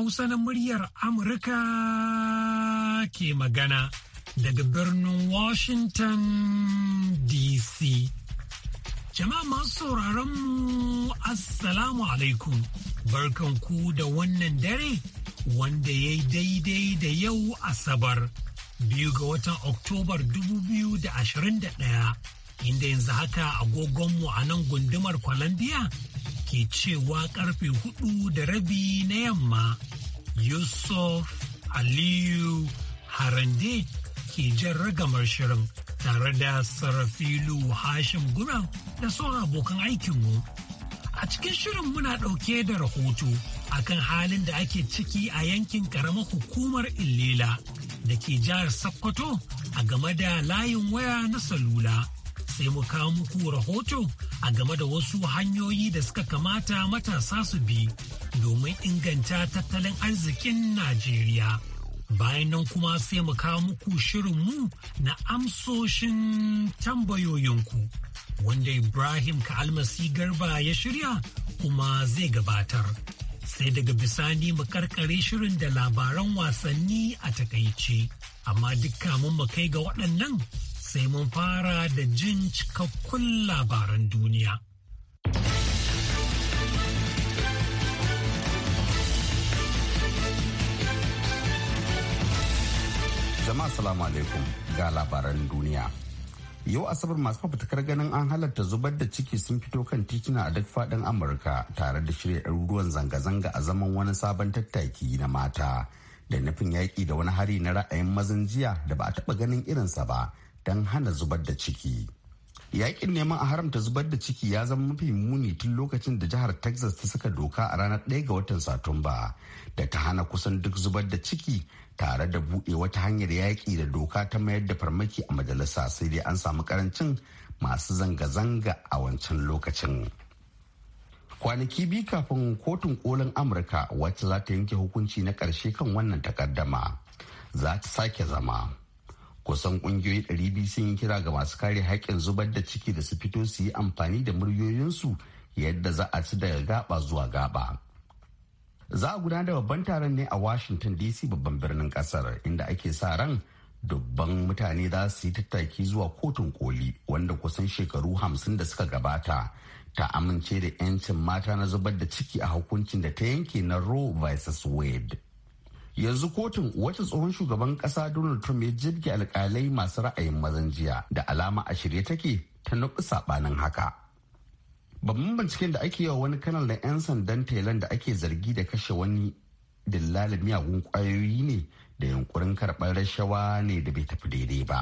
Hausa na muryar Amurka ke magana daga birnin Washington DC. Jama'a masu sauraron mu Assalamu alaikum, barkan ku da wannan dare wanda ya yi daidai da yau Asabar biyu ga watan Oktobar 2021. inda yanzu haka agogonmu a nan gundumar Colombia ke cewa karfe hudu da rabi na yamma Yusuf Aliyu Harande ke jan ragamar shirin tare da Sarafilu Hashim guna da sauran abokan aikinmu. A cikin shirin muna ɗauke da rahoto akan halin da ake ciki a yankin ƙaramar hukumar Illela da ke jihar Sokoto a game da layin waya na salula. sai mu kawo muku rahoto a game da wasu hanyoyi da suka kamata matasa su bi domin inganta tattalin arzikin Najeriya. Bayan nan kuma sai mu kawo muku shirinmu na amsoshin tambayoyinku wanda Ibrahim ka Almasi Garba ya shirya kuma zai gabatar. Sai daga bisani mu karkare shirin da labaran wasanni a takaice. Amma dukkan mu kai ga waɗannan sai mun fara da jin cikakkun labaran duniya. Jama'a salamu alaikum ga labaran duniya. Yau Asabar masu fafutukar ganin an halarta zubar da ciki sun fito kan titina a duk fadin Amurka tare da shirya ɗaruruwan zanga-zanga a zaman wani sabon tattaki na mata. da nufin yaƙi da wani hari na ra'ayin mazan jiya da ba a taɓa ganin irinsa ba don hana zubar da ciki yaƙin neman a haramta zubar da ciki ya zama mafi muni tun lokacin da jihar texas ta saka doka a ranar ɗaya ga watan satumba da ta hana kusan duk zubar da ciki tare da buɗe wata hanyar yaƙi da doka ta mayar da farmaki a majalisa sai dai an samu karancin masu zanga-zanga a wancan lokacin kwanaki biyu kafin kotun kolin amurka wacce za ta yanke hukunci na ƙarshe kan wannan takaddama za ta sake zama kusan kungiyoyi 200 sun yi kira ga masu kare haƙƙin zubar da ciki da su fito su yi amfani da muryoyinsu yadda za a ci daga gaba zuwa gaba za a gudanar da babban taron ne a washington dc babban birnin kasar inda ake sa ran dubban mutane za su yi tattaki zuwa kotun koli wanda kusan shekaru hamsin da suka gabata ta amince da 'yancin mata na zubar da ciki a hukuncin da ta yanke na roe vs wade yanzu kotun wata tsohon shugaban kasa donald trump ya jirgi alkalai masu ra'ayin mazan jiya da alama a shirye take ta nuku sabanin haka babban binciken da ake yi wa wani kanal na 'yan sandan thailand da ake zargi da kashe wani dillali miyagun kwayoyi ne da yunkurin karɓar rashawa ne da bai tafi daidai ba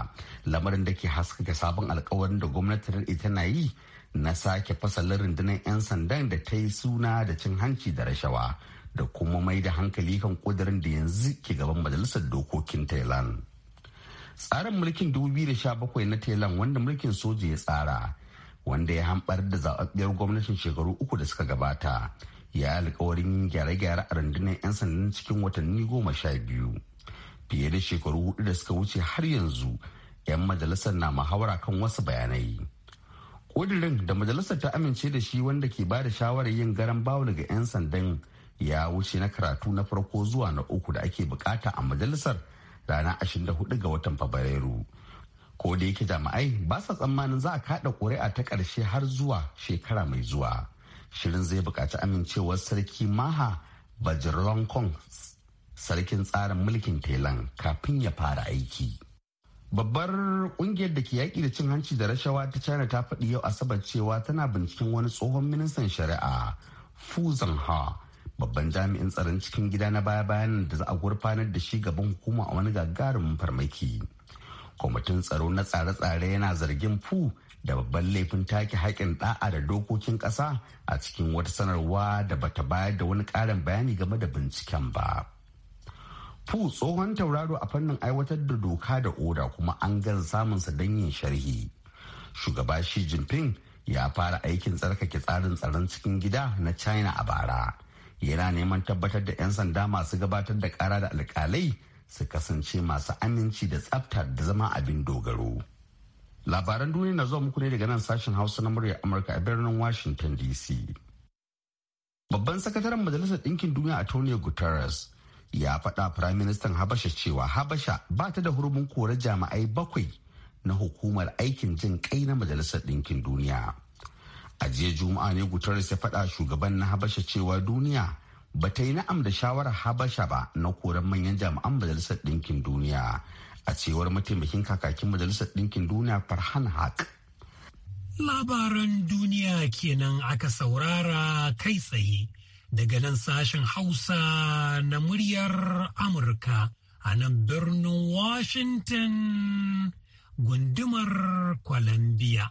lamarin da ke haskaka sabon alkawarin da gwamnatin ita na yi na sake fasalin rundunar 'yan sandan da ta yi suna da cin hanci da rashawa da kuma mai da hankali kan ƙudirin da yanzu ke gaban majalisar dokokin thailand tsarin mulkin 2017 na thailand wanda mulkin soja ya tsara wanda ya hambar da zaɓaɓɓiyar gwamnatin shekaru uku da suka gabata ya alkawarin gyare-gyare a rundunar 'yan sandan cikin watanni goma sha biyu fiye da shekaru hudu da suka wuce har yanzu 'yan majalisar na muhawara kan wasu bayanai ƙudurin da majalisar ta amince da shi wanda ke ba da shawarar yin garan bawul ga 'yan sandan ya wuce na karatu na farko zuwa na uku da ake bukata a majalisar ranar 24 ga watan fabrairu ko da yake jami'ai ba sa tsammanin za a kada ƙuri'a ta karshe har zuwa shekara mai zuwa shirin zai bukaci amincewar sarki maha kong sarkin tsarin mulkin telan kafin ya fara aiki babbar kungiyar da ke yaƙi da cin hanci da rashawa ta china ta faɗi yau asabar cewa tana binciken wani tsohon ministan shari'a fu ha babban jami'in tsaron cikin gida na baya-bayan da za a gurfanar da shi gaban hukuma a wani gagarumin farmaki kwamitin tsaro na tsare-tsare yana zargin fu da babban laifin take haƙin ɗa'a da dokokin ƙasa a cikin wata sanarwa da bata bayar da wani ƙarin bayani game da binciken ba fu tsohon tauraro a fannin aiwatar da doka da oda kuma an gaza samunsa don yin sharhi shugaba shi jinping ya fara aikin tsarkake tsarin tsaron cikin gida na china a bara yana neman tabbatar da 'yan sanda masu gabatar da kara da alkalai su kasance masu aminci da tsafta da zama abin dogaro labaran duniya na zuwa muku ne daga nan sashen hausa na murya amurka a birnin washington dc babban sakataren majalisar ɗinkin duniya antonio guterres ya faɗa firaministan habasha cewa habasha ba ta da hurumin kore jami'ai bakwai na hukumar aikin jin kai na majalisar ɗinkin duniya a jiya juma'a ne guterres ya faɗa shugaban na habasha cewa duniya ba ta yi na'am da shawarar habasha ba na koran manyan jami'an majalisar ɗinkin duniya a cewar mataimakin kakakin majalisar ɗinkin duniya farhan haq labaran duniya kenan aka saurara kai tsaye daga nan sashen hausa na muryar amurka a nan birnin washington gundumar columbia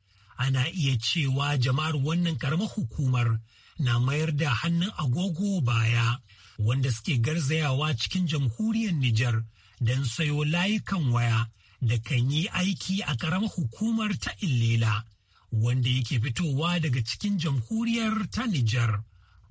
ana iya cewa jama'ar wannan karamar hukumar na mayar da hannun agogo baya wanda suke garzayawa cikin jamhuriyar Nijar don sayo layukan waya da kan yi aiki a karamar hukumar ta Illela wanda yake fitowa daga cikin jamhuriyar ta Nijar.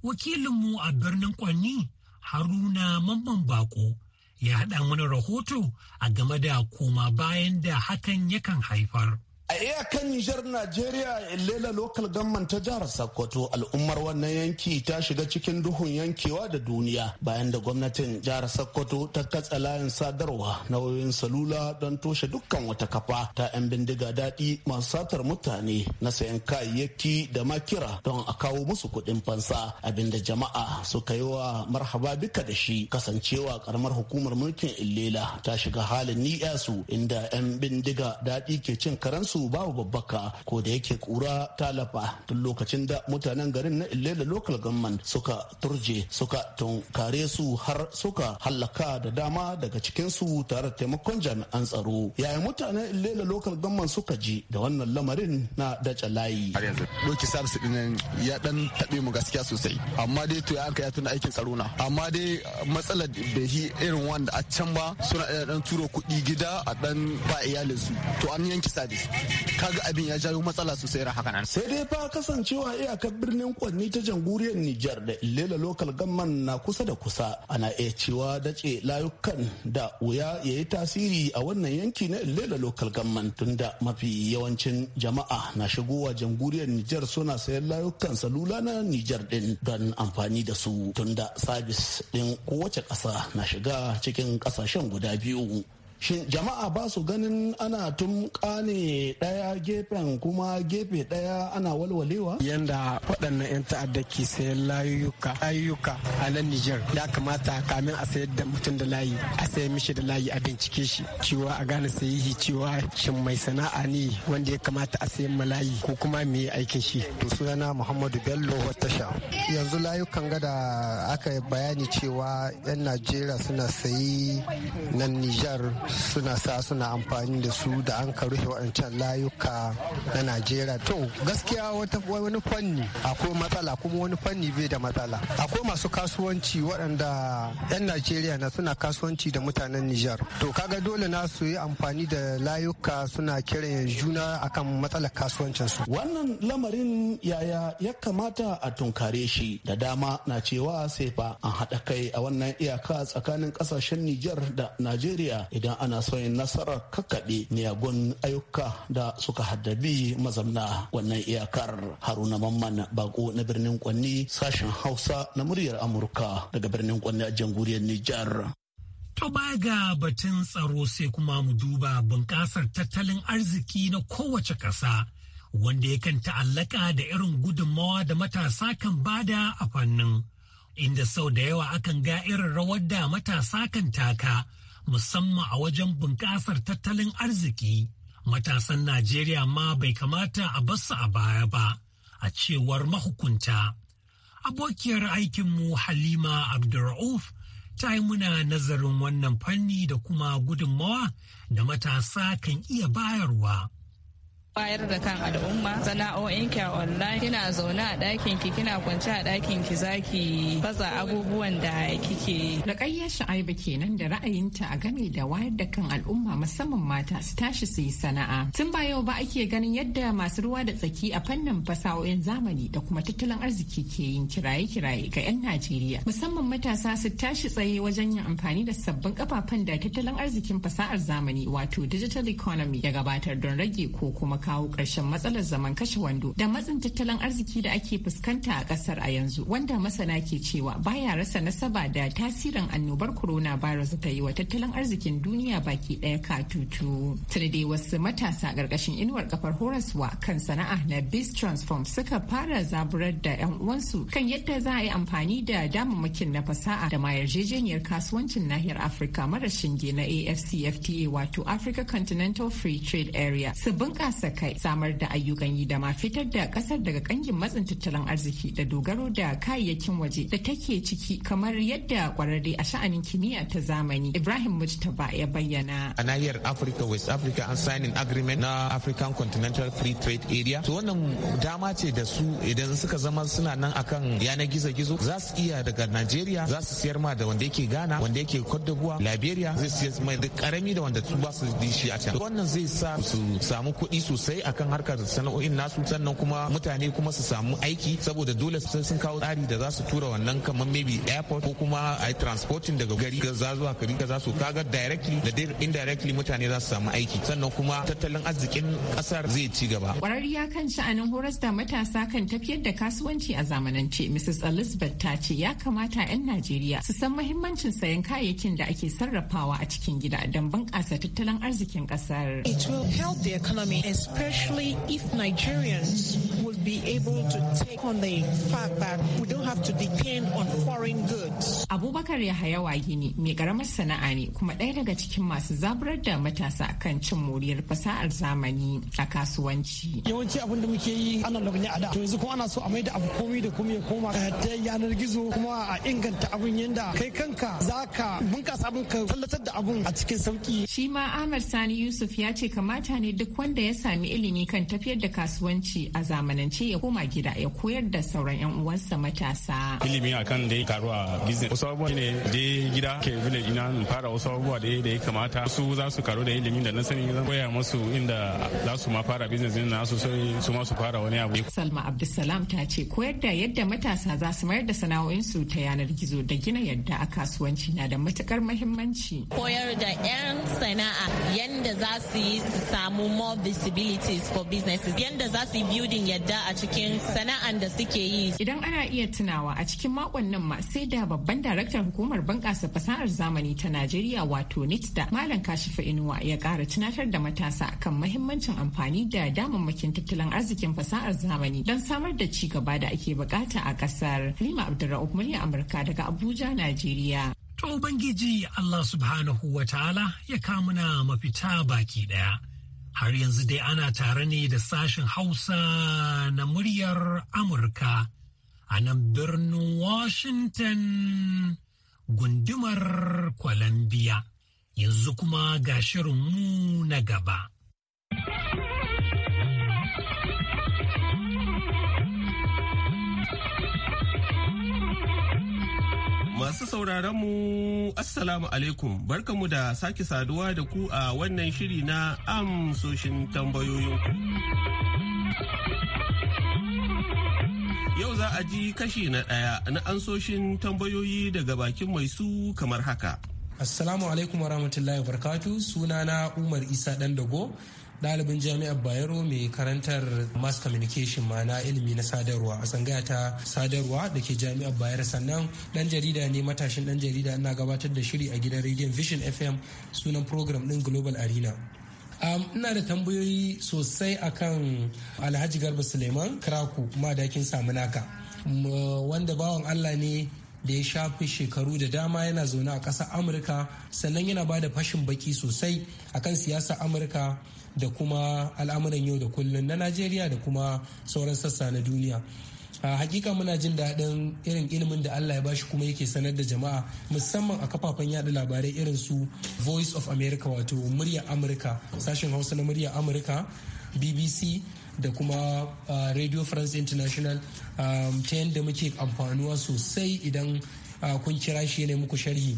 Wakilinmu a birnin Kwanni Haruna Mamman Bako ya haɗa mana rahoto a game da koma bayan da hakan yakan haifar. a iyakan nijar najeriya lela Local gamman ta jihar sokoto al'ummar wannan yanki ta shiga cikin duhun yankewa da duniya bayan da gwamnatin jihar sokoto ta katsa layin sadarwa wayoyin salula don toshe dukkan wata kafa ta 'yan bindiga daɗi masu satar mutane na sayan kayayyaki da makira don a kawo musu kuɗin fansa abinda jama'a suka yi wa marhaba duka da shi kasancewa karamar hukumar mulkin illela ta shiga halin ni'yasu inda 'yan bindiga daɗi ke cin karansu su babu babbaka ko da yake kura ta lafa tun lokacin da mutanen garin na illela local government suka turje suka tunkare su har suka hallaka da dama daga su tare da taimakon jami'an tsaro yayin mutanen illela local government suka ji da wannan lamarin na dace layi har yanzu doki service din ya dan tabe mu gaskiya sosai amma dai to ya aka ya tuna aikin tsaro na amma dai matsalar da shi irin wanda a can ba suna dan turo kuɗi gida a dan ba iyalinsu to an yanki sabis kaga abin ya jawo matsala sosai ra haka sai dai fa kasancewa iyakar birnin kwanni ta jamhuriyar Nijar da illela local gamman na kusa da kusa ana iya cewa dace layukan da wuya ya yi tasiri a wannan yanki na illela local gamman tunda mafi yawancin jama'a na shigowa jamhuriyar Nijar suna sayan layukan salula na Nijar din don amfani da su tunda sabis din kowace ƙasa na shiga cikin ƙasashen guda biyu Shin jama'a ba su ganin ana tun kane ɗaya gefen kuma gefe ɗaya ana walwalewa? Yanda waɗannan 'yan ta'adda ke sayan layuka ayyuka a nan Nijar ya kamata kamin a sayar da mutum da layi a sayar mishi da layi a bincike shi cewa a gane sayihi cewa shin mai sana'a ne wanda ya kamata a sayan layi ko kuma me aikin shi. To sunana Muhammadu Bello Watasha. Yanzu layukan gada aka bayani cewa 'yan Najeriya suna sayi nan Nijar suna sa suna amfani da su da an ka rufe waɗancan layuka na najeriya to gaskiya wata wani fanni akwai matsala kuma wani fanni bai da matsala akwai masu kasuwanci waɗanda 'yan najeriya na suna kasuwanci da mutanen nijar to kaga dole na su yi amfani da layuka suna kiran juna akan matsalar kasuwancin su wannan lamarin yaya ya kamata a tunkare shi da dama na cewa sai fa an haɗa kai a wannan iyaka tsakanin ƙasashen nijar da najeriya idan ana son yin nasarar kakkaɓe gun ayyuka da suka haddabi mazamna wannan iyakar haruna mamman bako na birnin kwanni sashen hausa na muryar amurka daga birnin kwanni a jamhuriyar nijar To ba ga batun tsaro sai kuma mu duba bunƙasar tattalin arziki na kowace ƙasa wanda yakan ta'allaka da irin gudunmawa da matasa kan bada a fannin. Inda sau da yawa akan ga irin rawar da matasa kan taka musamman a wajen bunƙasar tattalin arziki. Matasan Najeriya ma bai kamata a basu a baya ba, a cewar mahukunta. Abokiyar aikinmu Halima Abdur'uf ta yi muna nazarin wannan fanni da kuma gudunmawa da matasa kan iya bayarwa. wayar da kan al'umma sana'o'in ki online kina zaune a dakin ki kina kwance a dakin ki zaki baza abubuwan da kike Rakayya Sha'aiba kenan da ra'ayinta a game da wayar da kan al'umma musamman mata su tashi su yi sana'a tun ba yau ba ake ganin yadda masu ruwa da tsaki a fannin fasahohin zamani da kuma tattalin arziki ke yin kiraye-kiraye ga 'yan Najeriya musamman matasa su tashi tsaye wajen yin amfani da sabbin kafafen da tattalin arzikin fasahar zamani wato digital economy ya gabatar don rage ko kuma kawo ƙarshen matsalar zaman kashe wando da matsin tattalin arziki da ake fuskanta a ƙasar a yanzu wanda masana ke cewa baya rasa nasaba da tasirin annobar corona virus ta yi wa tattalin arzikin duniya baki ɗaya ka tutu. Tunde wasu matasa ƙarƙashin inuwar kafar horaswa kan sana'a na Biz Transform suka fara zaburar da 'yan uwansu kan yadda za a yi amfani da damammakin na fasaha da ma yarjejeniyar kasuwancin nahiyar Afirka mara shinge na AFCFTA wato Africa Continental Free Trade Area su bunƙasa kai samar da ayyukan yi da ma fitar da kasar daga kangin matsin tattalin arziki da dogaro da kayayyakin waje da take ciki kamar yadda kwararre a sha'anin kimiyya ta zamani Ibrahim Mujtaba ya bayyana. A nahiyar africa West Africa an signing agreement na African Continental Free Trade Area. To wannan dama ce da su idan suka zama suna nan akan yanar gizo-gizo za su iya daga Najeriya za su siyar ma da wanda yake Ghana wanda yake Cote Liberia zai siyar mai da karami da wanda su ba su shi a can. Wannan zai sa su samu kuɗi sosai sosai akan harkar sana'o'in nasu sannan kuma mutane kuma su samu aiki saboda dole sai sun kawo tsari da za su tura wannan kamar maybe airport ko kuma a yi transporting daga gari kaza zuwa gari za su kaga directly da indirectly mutane za su samu aiki sannan kuma tattalin arzikin kasar zai ci gaba. Kwararriya kan sha'anin horas da matasa kan tafiyar da kasuwanci a zamanance Mrs. Elizabeth ta ce ya kamata 'yan Najeriya su san mahimmancin sayan kayayyakin da ake sarrafawa a cikin gida don bunƙasa tattalin arzikin ƙasar. It will help the economy especially if Nigerians would be able to take on the fact that we don't have to depend on foreign goods. Abubakar Yahaya Wagini mai karamar sana'a ne kuma ɗaya daga cikin masu zaburar da matasa kan cin moriyar fasahar zamani a kasuwanci. Yawanci abin da muke yi ana ne a da. To yanzu kuma ana so a mai da abu komai da komai ya koma ta yanar gizo kuma a inganta abin yanda kai kanka za ka bunkasa abin ka tallatar da abin a cikin sauki. Shi ma Ahmad Sani Yusuf ya ce kamata ne duk wanda ya sami sami ilimi kan tafiyar da kasuwanci a zamanance ya koma gida ya koyar da sauran 'yan uwansa matasa. Ilimi akan da ya karu a business. Wasu abubuwa ne da gida ke village ina fara wasu abubuwa da ya kamata su za su karu da ilimin da na sani zan koya musu inda za su ma fara bizinesi din nasu sai su ma su fara wani abu. Salma Abdulsalam ta ce koyar da yadda matasa za su mayar da sana'o'insu ta yanar gizo da gina yadda a kasuwanci na da matukar mahimmanci. Koyar da 'yan sana'a yadda za su yi su samu more visibility facilities for businesses yanda za su yi building yadda a cikin sana'an da suke yi. Idan ana iya tunawa a cikin makon nan ma sai da babban daraktan hukumar bunƙasa fasahar zamani ta Najeriya wato NITDA Malam Kashifa Inuwa ya kara tunatar da matasa kan mahimmancin amfani da damammakin tattalin arzikin fasahar zamani don samar da ci gaba da ake bukata a ƙasar. Lima Abdulrahman murya Amurka daga Abuja, Najeriya. To Ubangiji Allah subhanahu wa ta'ala ya kamuna mafita baki daya. Har yanzu dai ana tare ne da sashen Hausa na muryar Amurka a nan birnin Washington gundumar Columbia. Yanzu kuma ga shirinmu na gaba. Masu sauraron mu Assalamu alaikum barkamu da sake saduwa da ku a wannan shiri na amsoshin tambayoyinku. Yau za a ji kashi na ɗaya na ansoshin tambayoyi daga bakin mai su kamar haka. Assalamu alaikum warahmatullahi wabarakatuh sunana Umar Isa dago. ɗalibin jami'ar bayero mai karantar mass communication ma'ana ilimi na sadarwa a tsangaya ta sadarwa da ke jami'ar bayero sannan dan jarida ne matashin ɗan jarida ina gabatar da shiri a gidan rediyon vision fm sunan program ɗin global arena ina da tambayoyi sosai akan alhaji garba suleiman kraku madakin samunaka wanda bawan allah ne da ya shafi shekaru da dama yana zaune a ƙasar amurka sannan yana ba da fashin baki sosai akan siyasar amurka da kuma al'amuran yau da kullum na najeriya da kuma sauran sassa na duniya a hakika muna jin daɗin irin ilimin da allah ya bashi kuma yake sanar da jama'a musamman a kafafen yada labarai irin su voice of america wato murya amurka sashen hausa na murya amurka bbc da kuma uh, radio france international um, ta yadda muke amfanuwa sosai idan uh, kun kira shi ne muku sharhi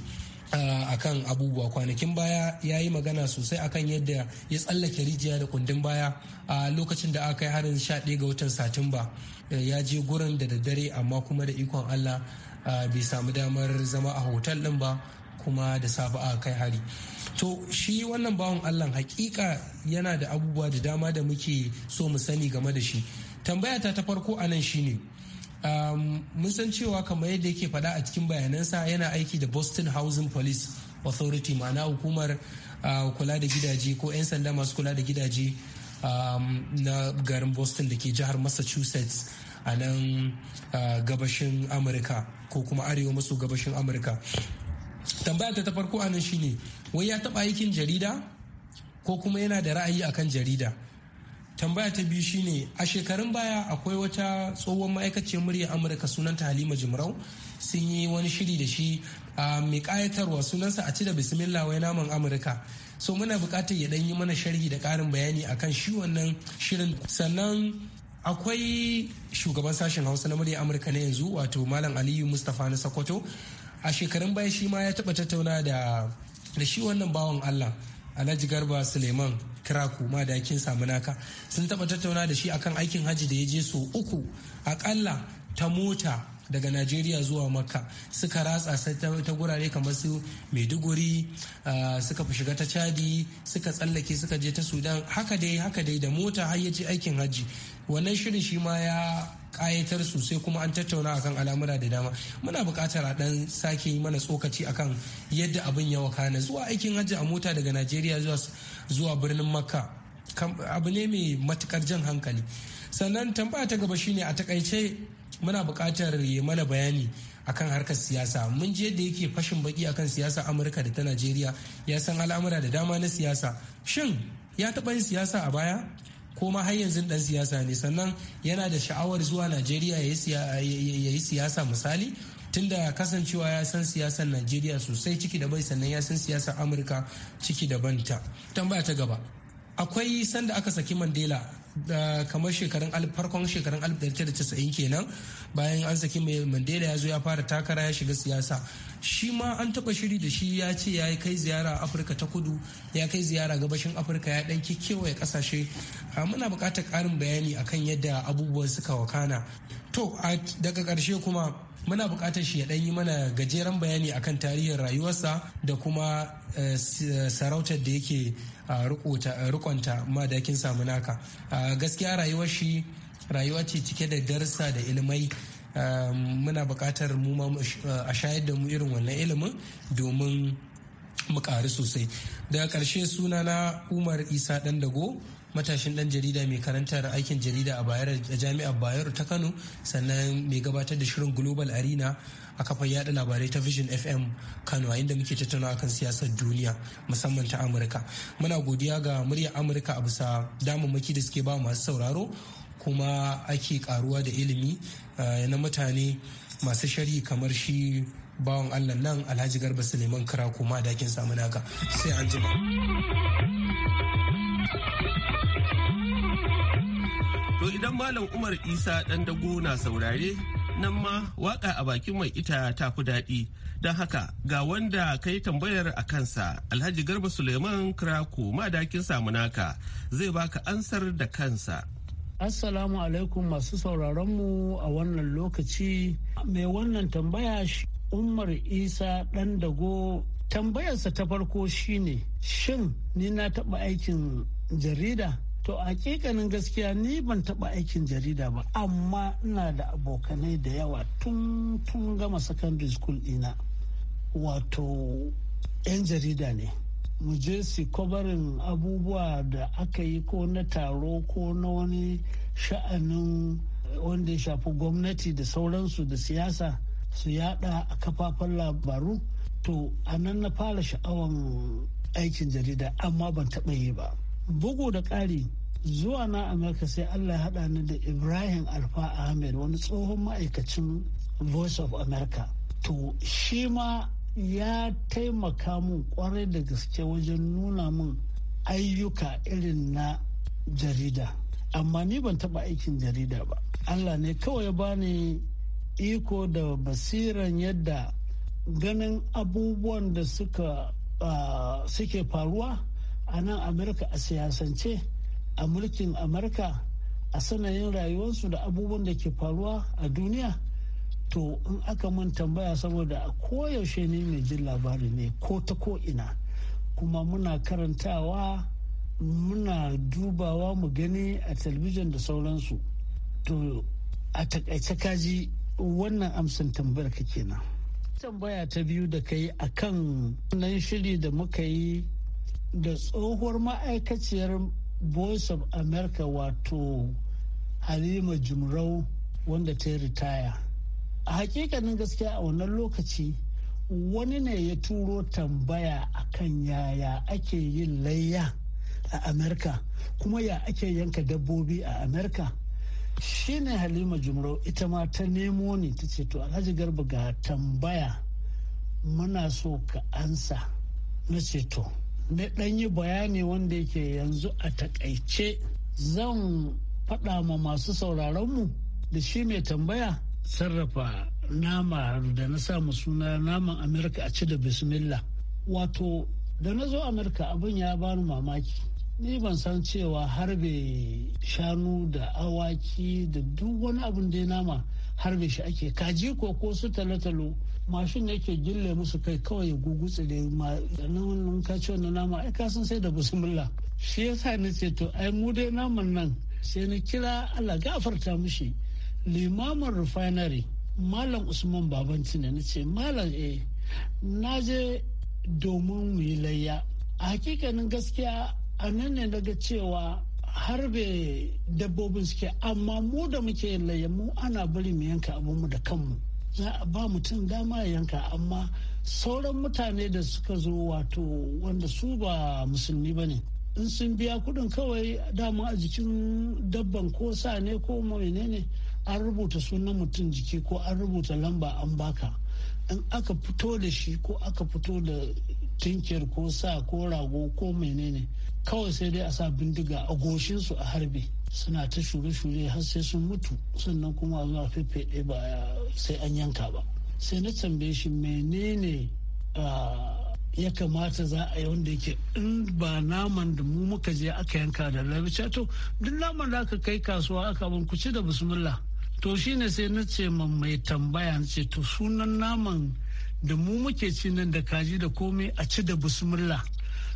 akan abubuwa kwanakin baya ya yi magana sosai akan yadda ya tsallake rijiya da kundin baya a lokacin da aka yi harin 11 ga watan satumba eh, ya je gurin da daddare amma kuma da ikon allah bai samu damar zama a hotel din ba kuma da safe a kai hari to shi wannan bawan allah hakika yana da abubuwa da dama da muke so mu sani game da shi tambaya ta farko anan nan shine Um, mun san cewa kamar yadda yake faɗa a cikin bayanansa yana aiki da boston housing police authority ma'ana hukumar uh, kula da gidaje ko 'yan sanda masu kula da gidaje um, na garin boston da ke jihar massachusetts a nan uh, gabashin amurka ko kuma arewa maso gabashin amurka tambaya ta ta farko a nan shine wai ya taɓa aikin jarida ko kuma yana da ra'ayi akan jarida tambaya ta biyu shine a shekarun baya akwai wata tsohon ma'aikaciyar murya amurka sunanta halima jimrau sun yi wani shiri da shi a mai kayatarwa sunansa a ci da bismillah wai naman amurka so muna bukatar ya dan yi mana sharhi da karin bayani akan shi wannan shirin sannan akwai shugaban sashen hausa na murya amurka na yanzu wato malam aliyu mustapha na sokoto a shekarun baya shi ma ya taɓa tattauna da shi wannan bawan allah alhaji garba suleiman kira kuma da kin samu naka sun taba tattauna da shi akan aikin hajji da ya je so uku akalla ta mota daga najeriya zuwa makka suka ratsa ta gurare kamar su maiduguri ah, suka fi shiga ta chadi suka tsallake suka je ta sudan haka dai haka dai da mota har ya je aikin hajji wannan shirin shi ma ya kayatar sosai kuma an tattauna akan al'amura da dama muna buƙatar a ɗan sake yi mana tsokaci akan yadda abin ya wakana zuwa aikin hajji a mota daga najeriya zuwa birnin makka abu ne mai matukar jan hankali sannan tambaya ta gaba shine a takaice muna buƙatar ya mana bayani akan harkar siyasa mun je da yake fashin baki akan siyasa amurka da ta najeriya ya san al'amura da dama na siyasa shin ya taɓa yin siyasa a baya ko ma har yanzu dan siyasa ne sannan yana da sha'awar zuwa najeriya ya yi siyasa misali tunda kasancewa ya san siyasar najeriya sosai ciki da bai sannan ya san siyasar amurka ciki da banta tambaya ta gaba akwai sanda aka saki mandela da kamar shekarun farkon shekarun 1990 kenan bayan an saki mandela ya zo ya fara takara ya shiga siyasa shi ma an taba shiri da shi ya ce ya kai ziyara afirka ta kudu ya kai ziyara gabashin afirka ya dan kewaye kasashe muna buƙatar ƙarin bayani akan yadda abubuwan suka wakana to daga ƙarshe kuma muna buƙatar shi ya ɗan yi mana gajeren bayani akan tarihin rayuwarsa da kuma eh, sarautar da yake rikonta madakin samunaka gaskiya rayuwar shi rayuwa ce cike da darsa da ilmai Ehm, muna buƙatar mu ma eh, a shayar da mu irin wannan ilimin domin mu ƙari sosai daga ƙarshe suna na umar isa ɗan dago matashin ɗan jarida mai karantar aikin jarida a bayar a jami'ar bayero ta kano sannan mai gabatar da shirin global arena a kafar yada labarai ta vision fm kano a inda muke tattauna akan siyasar duniya musamman ta amurka muna godiya ga muryar amurka a bisa damammaki da suke ba masu sauraro kuma ake karuwa da ilimi eh, na mutane masu shari kamar shi bawan allah nan alhaji garba suleiman kira kuma dakin samu naka sai an jima to idan malam umar isa dan dago na saurare nan ma waka a bakin mai ita ta fi daɗi don haka ga wanda ka yi tambayar a kansa alhaji garba suleiman krako madakin samunaka zai baka ansar da kansa Assalamu alaikum masu sauraron mu a wannan lokaci mai wannan tambaya shi Umar Isa ɗan dago tambayarsa ta farko shine shin ni na taɓa aikin jarida? To hakikanin gaskiya ni ban taɓa aikin jarida ba amma ina da abokanai da yawa tun tun gama secondary school ɗina wato 'yan jarida ne. mu je su kwabarin abubuwa da aka yi ko na taro ko na wani sha'anin wanda ya shafi gwamnati da sauransu da siyasa su yada a kafafen labaru to a nan na fara sha'awan aikin jarida amma ban taɓa yi ba bugu da ƙari zuwa na amurka sai allah ya haɗa ni da ibrahim alfa ahmed wani tsohon ma'aikacin voice of america to shi ma ya taimaka mun kwarai da gaske wajen nuna mun ayyuka irin na jarida amma ni ban taba aikin jarida ba allah ne kawai ya bani iko da basiran yadda ganin abubuwan da suka suke faruwa a nan amurka a siyasance a mulkin amurka a sanayin rayuwarsu da abubuwan da ke faruwa a duniya to in aka man tambaya saboda a koyaushe ne mai jin labari ne ko ta ko ina kuma muna karantawa muna dubawa mu gani a talbijin da sauransu to a takaice kaji wannan amsan tambayar ka kenan tambaya ta biyu da ka yi a kan nan shiri da muka yi da tsohuwar ma'aikaciyar voice of america wato halima jumrau wanda ta yi ritaya a hakikanin gaskiya a wannan lokaci wani ne ya turo tambaya akan yaya ake yin layya a amerika kuma ya ake yanka dabbobi a amerika ne halima jumrau ita ma ta nemo ne. ta ce to alhaji garba ga tambaya muna so ka ansa na ce to na yi bayani wanda yake yanzu a takaice zan faɗa ma masu sauraronmu da shi mai tambaya sarrafa nama da na sa suna naman amerika a ci da bismillah wato da na zo amerika abin ya bani mamaki ni ban san cewa harbe shanu da awaki da duk wani abin da ya nama harbe shi ake kaji ko ko su talo-talo, mashin yake gille musu kai kawai ya gugutse da nan ka ci wannan nama ai ka san sai da bismillah shi yasa ni ce to ai mu dai naman nan sai na kira Allah gafarta mushi limamin refinery malam usman babanci ne na ce malam e na je domin mu yi layya a hakikanin gaskiya a nan ne daga cewa harbe dabbobin suke amma mu da muke yin layya mu ana bari mu yanka abinmu da kanmu za a ba mutum dama yanka amma sauran mutane da suka zo wato wanda su ba musulmi ba ne in sun biya kudin kawai dama a jikin dabban ko sa ne ko menene ne an rubuta sunan mutum jiki ko an rubuta lamba an baka in aka fito da shi ko aka fito da tinkiyar ko sa ko rago ko menene kawai sai dai a sa bindiga a goshinsu a harbe suna ta shure-shure har sai sun mutu sannan kuma zuwa fefeɗe ba sai an yanka ba sai na tambaye shi menene ya kamata za a yi wanda yake in ba naman da mu muka je aka yanka da rabi to duk naman da aka kai kasuwa aka ban ku ci da bismillah to shine sai na ce mai tambaya na ce to sunan naman da mu muke ci nan da kaji da komai a ci da bismillah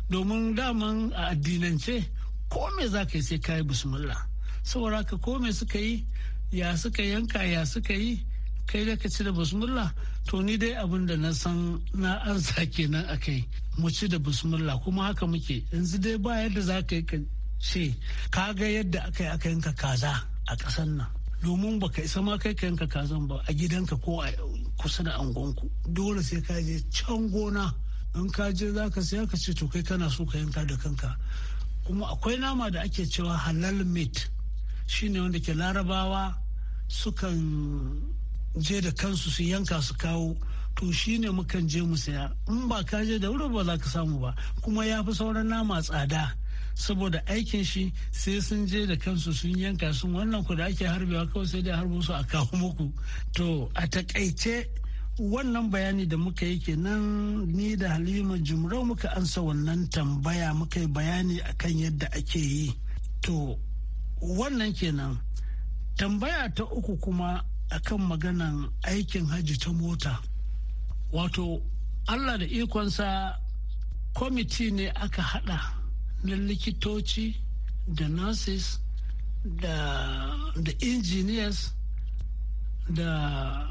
domin daman a addinance komai za ka yi sai kayi yi bismillah saboda ka komai suka yi ya suka yanka ya suka yi kai da ka ci da bismillah to ni dai abin da na san na ansa kenan a kai mu ci da bismillah kuma haka muke yanzu dai ba yadda za ka yi ka ce ka ga yadda aka yi aka yanka kaza a ƙasar nan domin baka isa ma kai ka yanka kazan ba a gidanka ko a kusa da angonku dole sai ka je can gona in ka je za ka sai ka ce to kai kana so ka yanka da kanka kuma akwai nama da ake cewa halal meat shine wanda ke larabawa sukan je da kansu su yanka su kawo to shine mukan je mu saya in ba ka je da wuri ba za ka samu ba kuma ya fi sauran nama tsada saboda aikin shi sai sun je da kansu sun yanka sun wannan ku da ake harbewa kawai sai dai harbo su a kawo muku to a takaice wannan bayani da muka yi kenan ni da halima jumrau muka ansa wannan tambaya muka yi bayani akan yadda ake yi to wannan kenan tambaya ta uku kuma akan maganan aikin hajji ta mota wato allah da ikonsa kwamiti ne aka hada na likitoci da nurses da engineers da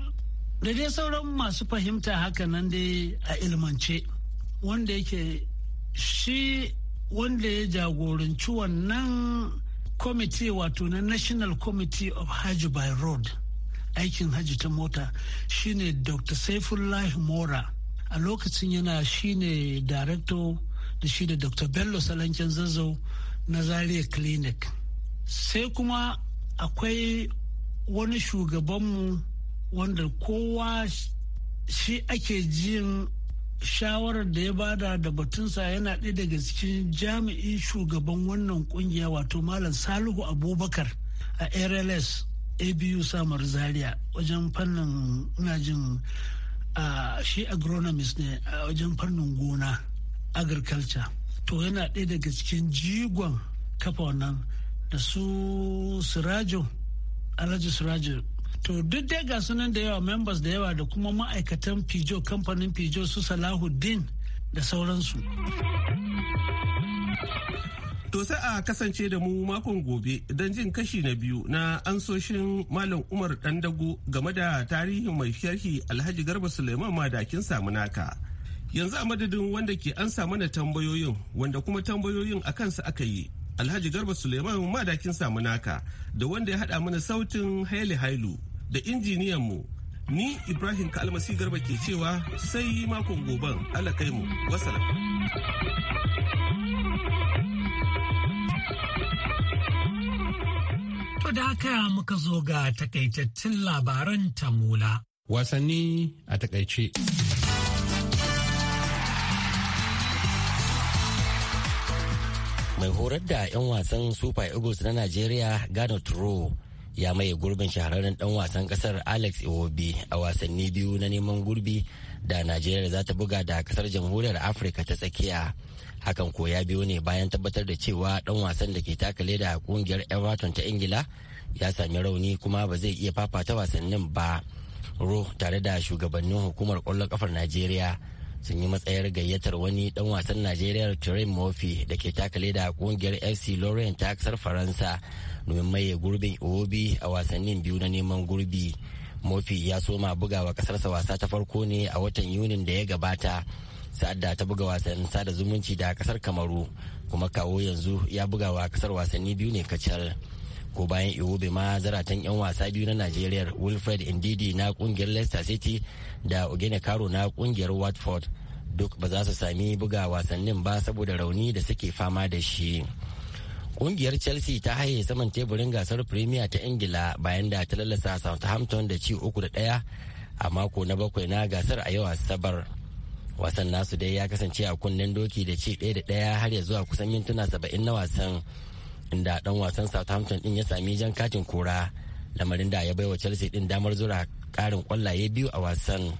da dai sauran masu fahimta haka nan dai a ilmance wanda yake shi wanda ya jagoranci wannan committee wato na national committee of hajj by road aikin hajji ta mota shine dr saifullahi mora a lokacin yana shine director da shi da dr bello salancin zazzau na zaria clinic sai kuma akwai wani shugabanmu wanda kowa shi ake jin shawarar da ya bada da batunsa yana ɗaya daga cikin jami'in shugaban wannan kungiya wato malam salihu abubakar a rls abu samar zaria wajen fannin ina jin shi agronomist ne a wajen fannin gona agriculture to yana ɗaya daga cikin jigon kafa wannan da su sirajo alhaji sirajo to duk dai ga sunan da yawa members da yawa da kuma ma'aikatan pijo kamfanin pijo su salahuddin da sauransu To sai a kasance da mu makon gobe don jin kashi na biyu na ansoshin Malam Umar Dandago game da tarihin mai sharhi Alhaji Garba Suleiman Madakin Samunaka. yanzu a madadin wanda ke ansa mana tambayoyin wanda kuma tambayoyin a kansa aka yi alhaji garba suleiman madakin samu naka da wanda ya haɗa mana sautin haile hailu da injiniyan mu ni ibrahim kalmasi garba ke cewa sai makon gobe allah kai mu wasalam To da haka muka zo ga takaitattun labaran tamula. Wasanni a takaice. mai horar da 'yan wasan super eagles na nigeria gano tro ya maye gurbin shahararren dan wasan kasar alex iwobi a wasanni biyu na neman gurbi da nigeria za ta buga da kasar jamhuriyar afirka ta tsakiya hakan ko ya biyo ne bayan tabbatar da cewa dan wasan da ke takale da kungiyar everton ta ingila ya sami rauni kuma ba zai iya fafata wasannin ba ro tare da shugabannin hukumar kwallon kafar najeriya sun yi matsayar gayyatar wani dan wasan najeriya turin murphy da ke takale da kungiyar fc lorient ta kasar faransa domin maye gurbin iwobi a wasannin biyu na neman gurbi murphy ya soma bugawa kasarsa wasa ta farko ne a watan yunin da ya gabata sa'ad da ta buga wasan sada zumunci da kasar kamaru kuma kawo yanzu ya buga wa kasar wasanni biyu ne kacal ko bayan iwobe ma zaratan 'yan wasa biyu na najeriya wilfred ndidi na kungiyar leicester city da ogene karo na kungiyar watford duk ba za su sami buga wasannin ba saboda rauni da suke fama da shi kungiyar chelsea ta haye saman teburin gasar premier ta ingila bayan da ta lalasa southampton da ci uku da daya a mako na bakwai na gasar a yau asabar wasan nasu dai ya kasance a kunnen doki da ci daya da ɗaya har ya zuwa kusan mintuna saba'in na wasan inda ɗan wasan southampton din ya sami jan katin kura lamarin da ya baiwa chelsea din damar zura karin kwallaye biyu a wasan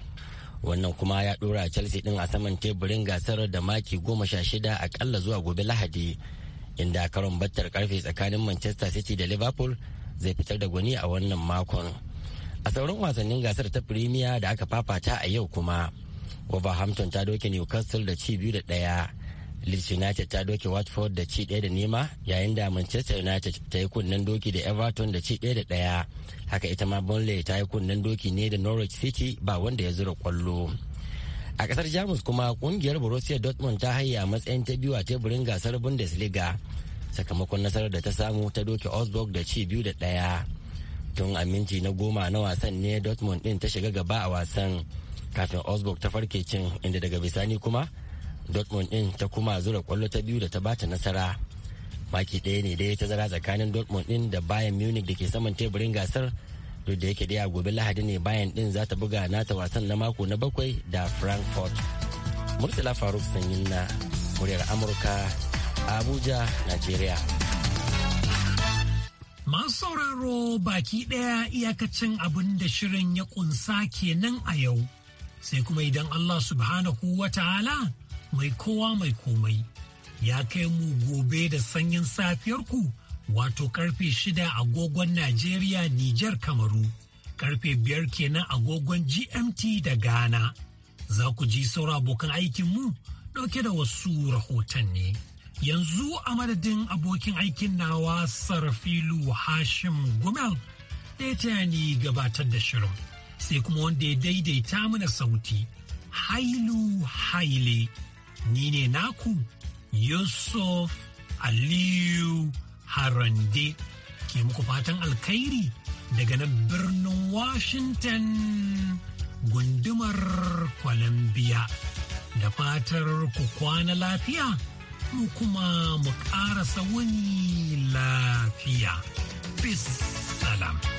wannan kuma ya dora chelsea din a saman teburin gasar da maki goma sha shida akalla zuwa gobe lahadi inda karon battar karfe tsakanin manchester city da liverpool zai fitar da gwani a wannan makon a sauran wasannin gasar ta premier da aka fafata a yau kuma wolverhampton ta doke newcastle da ci biyu da ɗaya Leeds United ta doke Watford da ci ɗaya da nema yayin da Manchester United ta yi kunnen doki da Everton da ci ɗaya da ɗaya. Haka ita ma Burnley ta yi kunnen doki ne da Norwich City ba wanda ya zura kwallo. A kasar Jamus kuma kungiyar Borussia Dortmund ta hayya matsayin ta biyu a teburin gasar Bundesliga sakamakon nasarar da ta samu ta doke Augsburg da ci biyu da ɗaya. Tun a na goma na wasan ne Dortmund ɗin ta shiga gaba a wasan kafin Augsburg ta farke cin inda daga bisani kuma dortmund din ta kuma zura kwallo ta biyu da ta bata nasara maki ɗaya ne dai ta zara tsakanin dortmund din da bayan munich da ke saman teburin gasar duk da yake dai a gobe lahadi ne bayan din za ta buga nata wasan na mako na bakwai da frankfurt murtala faruk sanyin na muryar amurka abuja nigeria Masu sauraro baki ɗaya iyakacin abin da shirin ya ƙunsa kenan a yau, sai kuma idan Allah subhanahu wa ta'ala mai kowa mai komai ya kai mu gobe da sanyin safiyar ku? wato karfe shida agogon Najeriya Nijar Kamaru, karfe biyar kenan agogon GMT da Ghana. Za ku ji saura abokan mu ɗauke da wasu rahotanni. Yanzu a madadin abokin aikin nawa Sarfilu Hashim Gumel ɗaya ta ni gabatar da shirin. Sai kuma wanda ya daidaita mana sauti, Hailu Haile. ni ne naku Yusuf Aliyu Harande ke muku fatan alkhairi daga nan birnin Washington gundumar Columbia da fatar ku kwana lafiya mu kuma mu ƙarasa wani lafiya. Peace. Salam.